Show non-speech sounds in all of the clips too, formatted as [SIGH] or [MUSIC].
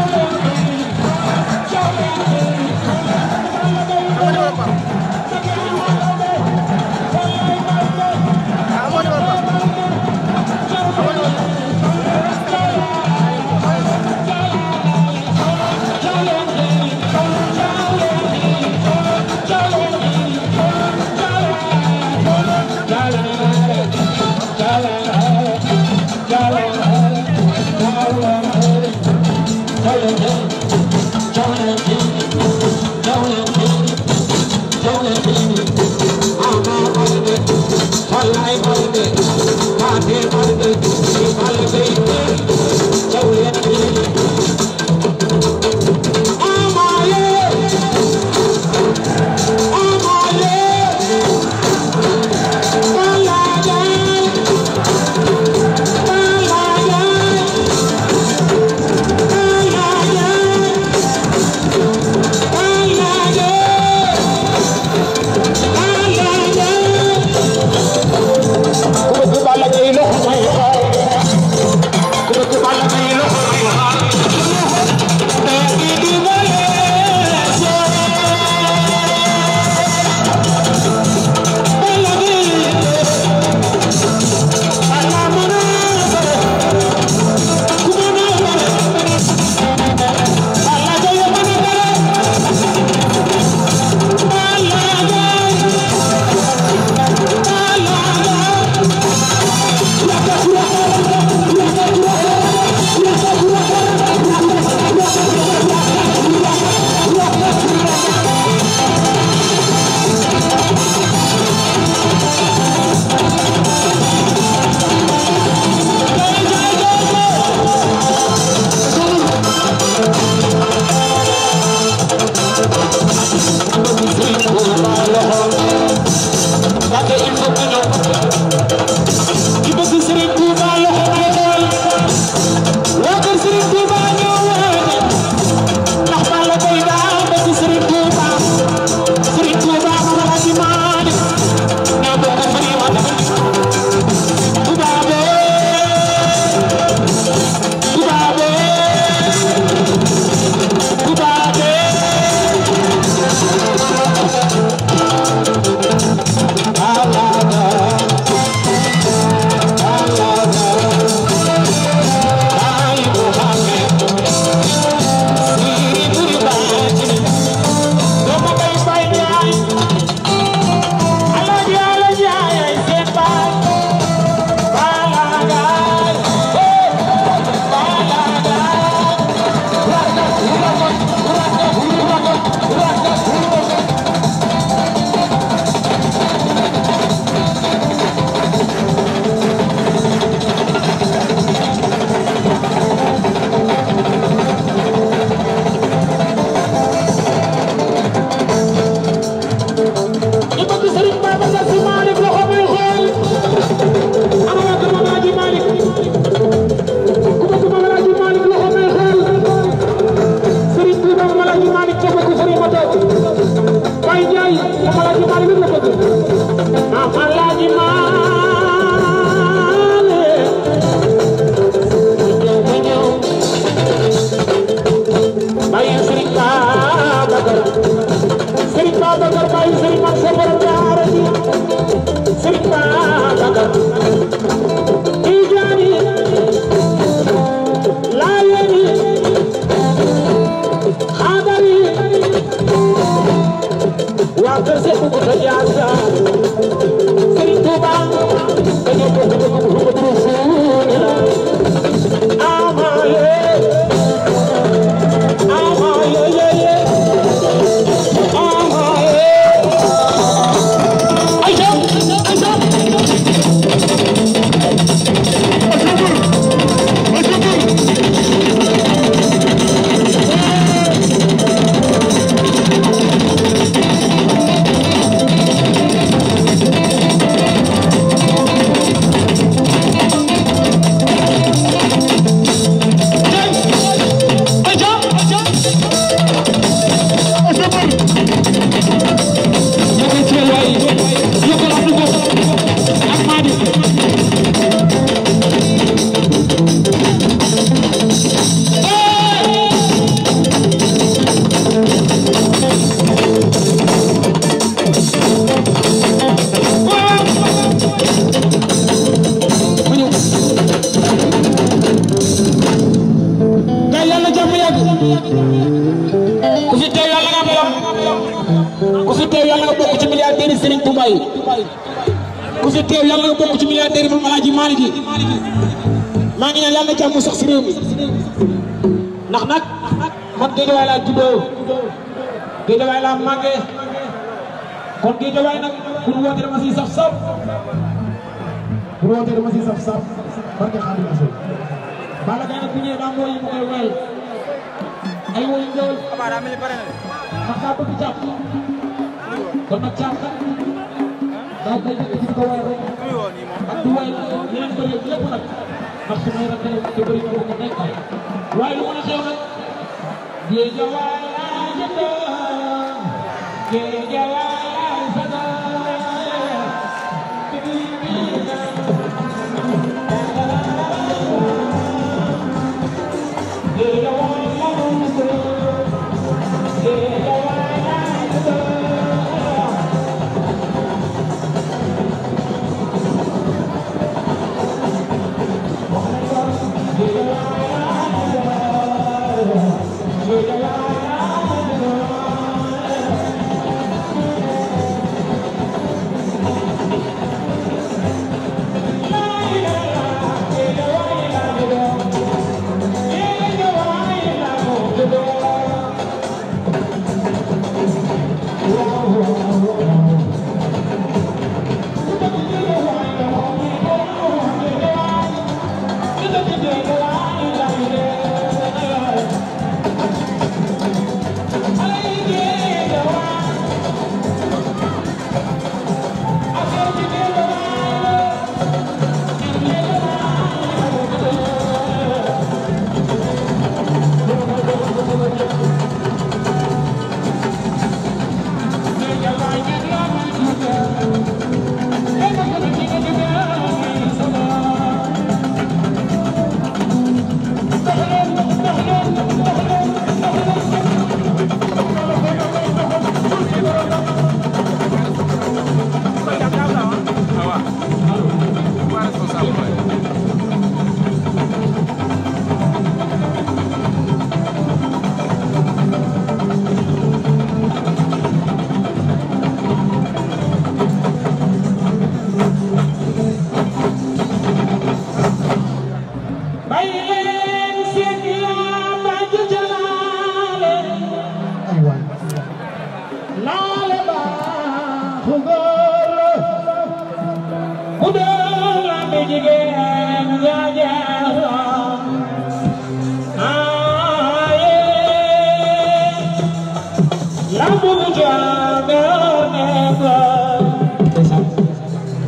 Thank [LAUGHS] you. ku fi teew yàlla nga am ndam ci milliardaire yi Serigne ku fi teew yàlla nga bokk ci milliardaire yi Alaaji Maalik yi maa ngi ne na jàmm sax si réew mi ndax nag man Guédiawaye laa juddoo Guédiawaye laa kon Guédiawaye nag pour woote dama siy saf saf pour woote dama ay woy ngeewal. xabaar daa mel ni pare na de. ndax daa bëgg jàpp. kon nag caaf nag. daa koy dëkk di ko waay rek. ak du waay yeneen bëri lépp nag. ndax su may rafetlu te bëri na ko nekk ay. waaye lu mën a xew nag. géejawaay laa jëndoo géejawaay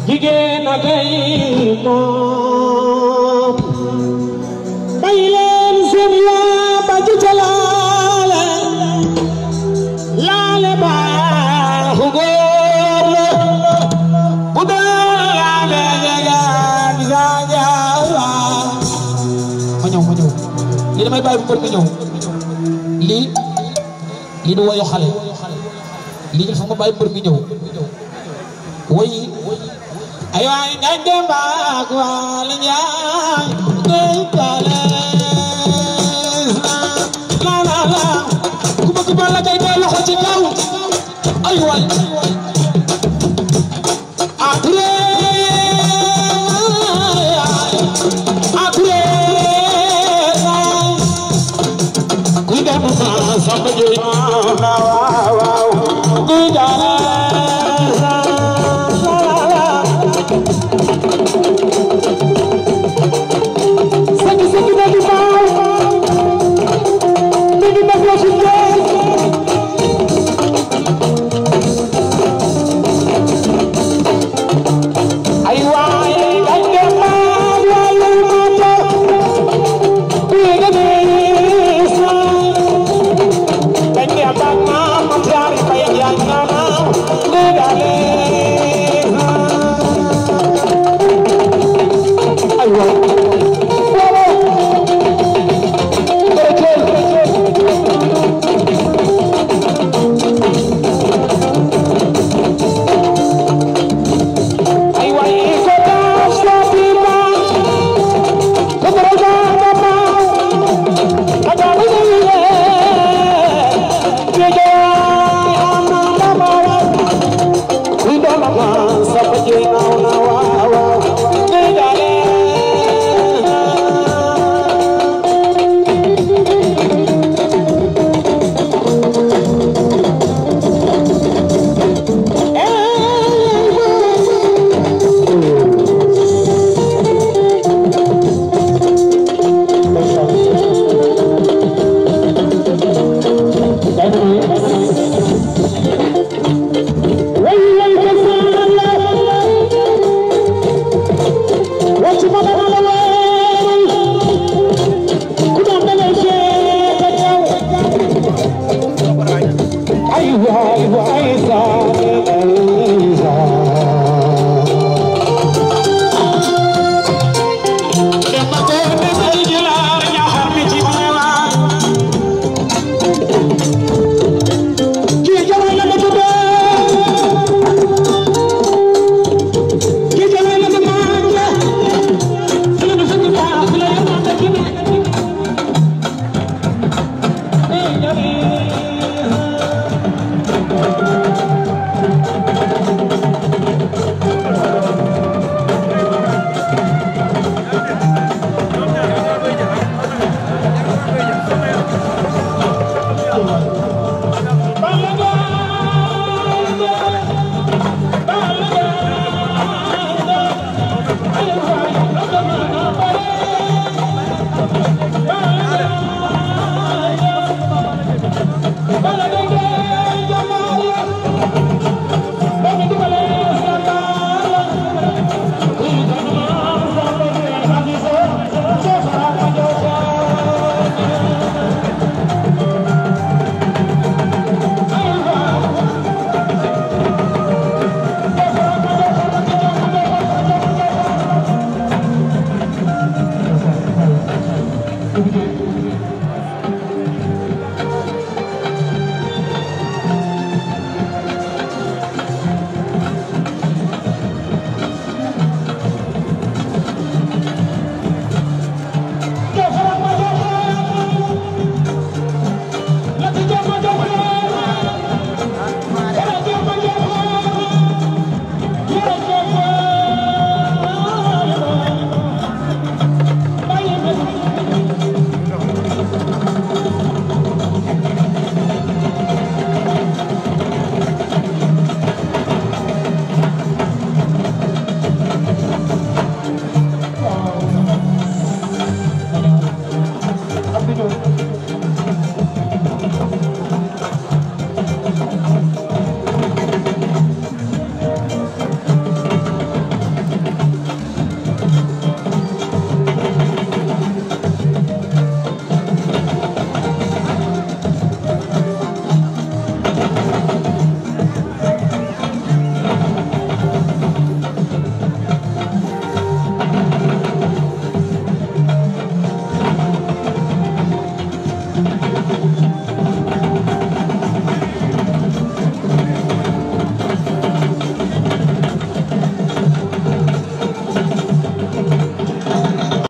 jigéen a kay moom bay leen seen laa ba ci ca laale laale baaxu góor la bu dee laale jegaan saa jaala ma ñëw ma ñëw lii damay bàyyi bu bët nga ñëw lii lii du woyo xale li nga xam nga bàyyi mbër mi ñëw way ay waay nañ dem baak waa li ñaay day tale la la la ku bëgg ba la kay dee loxo ci kaw ay waay Samba Joy